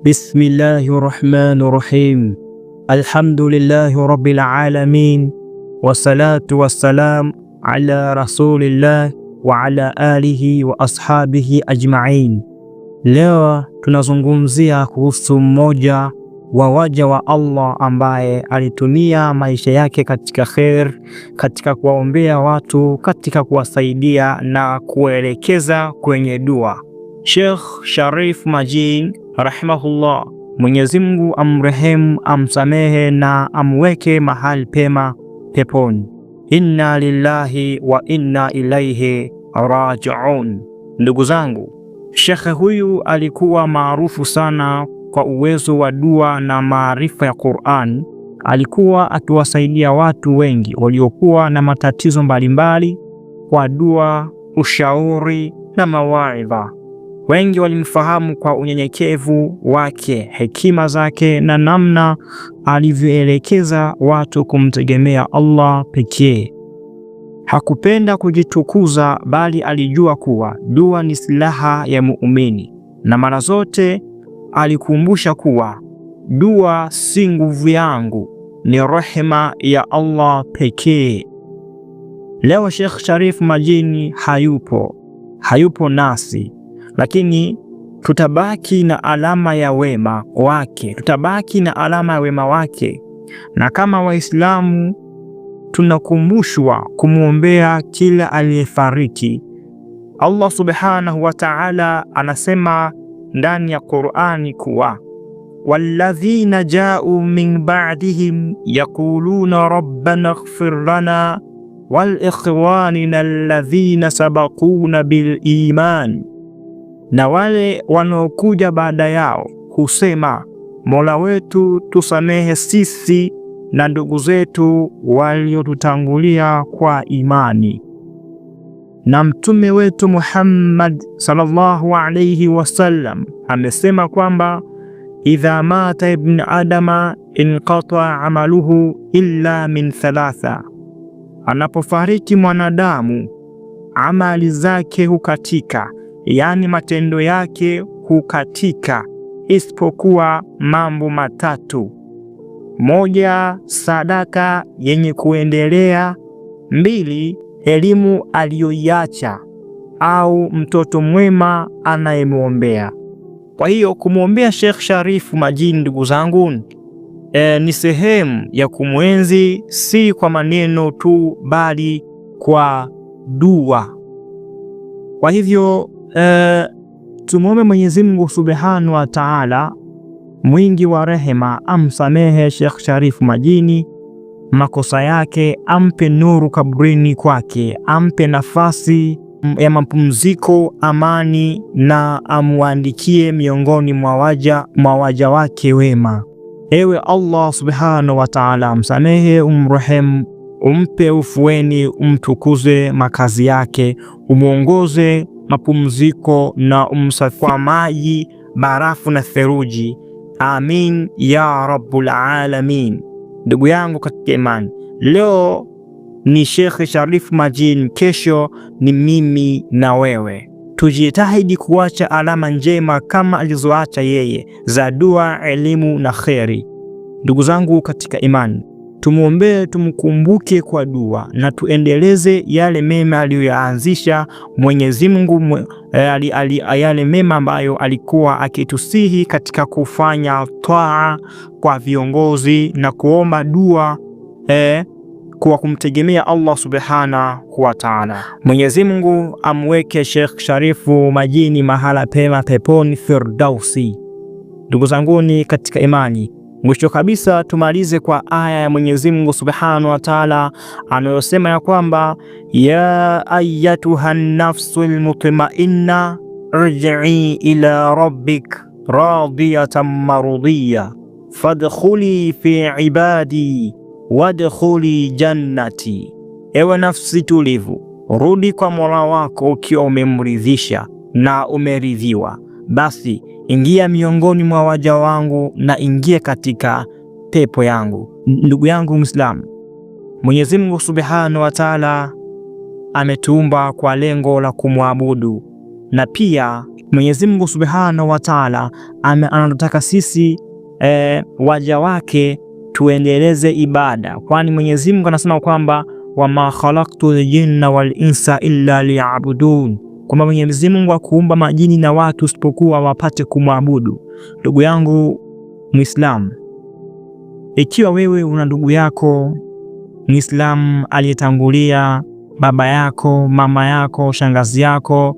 Bismillahi rahmani rahim, alhamdulillahi rabbil alamin, wassalatu wassalam ala rasulillah wa ala alihi wa ashabihi ajmain. Leo tunazungumzia kuhusu mmoja wa waja wa Allah ambaye alitumia maisha yake katika khair, katika kuwaombea watu, katika kuwasaidia na kuelekeza kwenye dua. Sheikh Sharif Majini rahimahullah, Mwenyezi Mungu amrehemu, amsamehe na amweke mahali pema peponi. Inna lillahi wa inna ilaihi rajiun. Ndugu zangu, shekhe huyu alikuwa maarufu sana kwa uwezo wa dua na maarifa ya Qur'an. Alikuwa akiwasaidia watu wengi waliokuwa na matatizo mbalimbali kwa dua, ushauri na mawaidha. Wengi walimfahamu kwa unyenyekevu wake, hekima zake na namna alivyoelekeza watu kumtegemea Allah pekee. Hakupenda kujitukuza, bali alijua kuwa dua ni silaha ya muumini, na mara zote alikumbusha kuwa dua si nguvu yangu, ni rehema ya Allah pekee. Leo Sheikh Sharif Majini hayupo, hayupo nasi lakini tutabaki na alama ya wema wake, tutabaki na alama ya wema wake. Na kama Waislamu tunakumbushwa kumwombea kila aliyefariki. Allah subhanahu wa ta'ala anasema ndani ya Qur'ani kuwa walladhina ja'u min ba'dihim yaquluna rabbana ighfir lana wal li ikhwanina alladhina sabaquna bil iman na wale wanaokuja baada yao husema, Mola wetu tusamehe sisi na ndugu zetu waliotutangulia kwa imani. Na mtume wetu Muhammad sallallahu alayhi wasallam amesema kwamba idha mata ibn adama inqata amaluhu illa min thalatha, anapofariki mwanadamu amali zake hukatika yaani matendo yake hukatika, isipokuwa mambo matatu: moja, sadaka yenye kuendelea; mbili, elimu aliyoiacha au mtoto mwema anayemwombea. Kwa hiyo kumwombea Sheikh Sharifu Majini, ndugu zangu, e, ni sehemu ya kumwenzi, si kwa maneno tu, bali kwa dua. Kwa hivyo E, tumwombe Mwenyezi Mungu Subhanahu wa Ta'ala mwingi wa rehema amsamehe Sheikh Sharifu Majini makosa yake, ampe nuru kabrini kwake, ampe nafasi ya mapumziko, amani, na amwandikie miongoni mwa waja mwa waja wake wema. Ewe Allah Subhanahu wa Ta'ala, msamehe, umrehemu, umpe ufueni, umtukuze makazi yake, umwongoze mapumziko na umsafi kwa maji, barafu na theruji. Amin ya rabbul alamin. Ndugu yangu katika imani, leo ni Sheikh Sharifu Majini, kesho ni mimi na wewe. Tujitahidi kuacha alama njema kama alizoacha yeye, za dua, elimu na kheri. Ndugu zangu katika imani Tumwombee, tumkumbuke kwa dua na tuendeleze yale mema aliyoyaanzisha Mwenyezi Mungu, eh, yale mema ambayo alikuwa akitusihi katika kufanya twaa kwa viongozi na kuomba dua eh, kwa kumtegemea Allah subhanahu wa taala. Mwenyezi Mungu amweke Sheikh Sharifu Majini mahala pema peponi Firdausi. Ndugu zanguni katika imani Mwisho kabisa tumalize kwa aya ya Mwenyezi Mungu Subhanahu wa Ta'ala anayosema ya kwamba ya ayatuha nafsu mutmainna irji'i ila rabbik radiyatan marudiyya fadkhuli fi ibadi wadkhuli jannati, ewe nafsi tulivu, rudi kwa Mola wako ukiwa umemridhisha na umeridhiwa, basi ingia miongoni mwa waja wangu na ingie katika pepo yangu. Ndugu yangu mwislamu Mwenyezi Mungu Subhanahu wa Ta'ala ametuumba kwa lengo la kumwabudu, na pia Mwenyezi Mungu Subhanahu wa Ta'ala anataka sisi e, waja wake tuendeleze ibada, kwani Mwenyezi Mungu anasema kwamba wama khalaqtu ljinna wal insa illa liyabudun kwamba Mwenyezi Mungu akuumba majini na watu usipokuwa wapate kumwabudu. Ndugu yangu Muislamu, ikiwa wewe una ndugu yako Muislamu aliyetangulia baba yako, mama yako, shangazi yako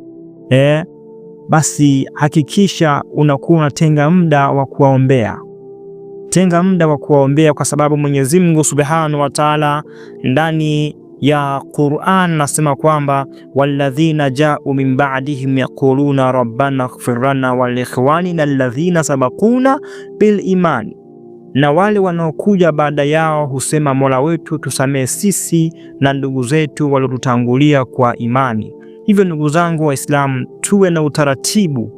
eh, basi hakikisha unakuwa unatenga muda wa kuwaombea. Tenga muda wa kuwaombea, kwa sababu Mwenyezi Mungu Subhanahu wa Ta'ala ndani ya Qur'an nasema kwamba walladhina jau min ba'dihim yaquluna rabbana ighfir lana wa li ikhwanina alladhina sabaquna bil iman, na wale wanaokuja baada yao husema Mola wetu tusamee sisi na ndugu zetu waliotutangulia kwa imani. Hivyo ndugu zangu Waislamu, tuwe na utaratibu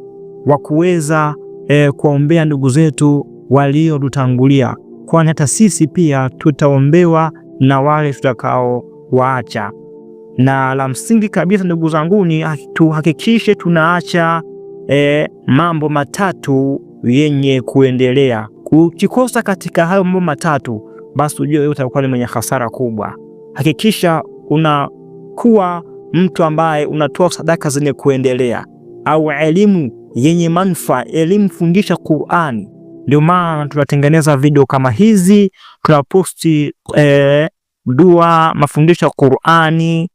wa kuweza e, eh, kuombea ndugu zetu waliotutangulia, kwani hata sisi pia tutaombewa na wale tutakao kuacha. Na la msingi kabisa, ndugu zangu, ni tuhakikishe tunaacha e, mambo matatu yenye kuendelea. Ukikosa katika hayo mambo matatu, basi ujue wewe utakuwa ni mwenye hasara kubwa. Hakikisha unakuwa mtu ambaye unatoa sadaka zenye kuendelea au elimu yenye manufaa, elimu fundisha Qur'ani. Ndio maana tunatengeneza video kama hizi tunaposti eh, dua, mafundisho ya Qur'ani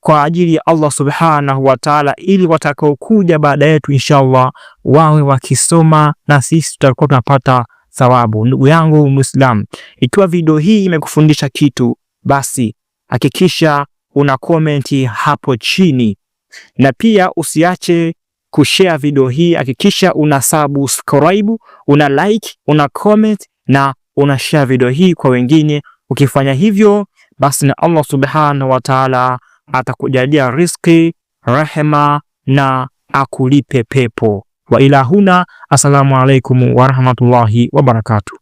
kwa ajili ya Allah subhanahu wa ta'ala, ili watakaokuja baada yetu inshallah wawe wakisoma na sisi tutakuwa tunapata thawabu. Ndugu yangu Muislam, ikiwa video hii imekufundisha kitu, basi hakikisha una komenti hapo chini, na pia usiache kushare video hii. Hakikisha una subscribe, una like, una comment na una share video hii kwa wengine Ukifanya hivyo, basi na Allah subhanahu wa taala atakujalia riski, rehema na akulipe pepo. Wa ilahuna. Assalamu alaikum warahmatullahi wabarakatuh.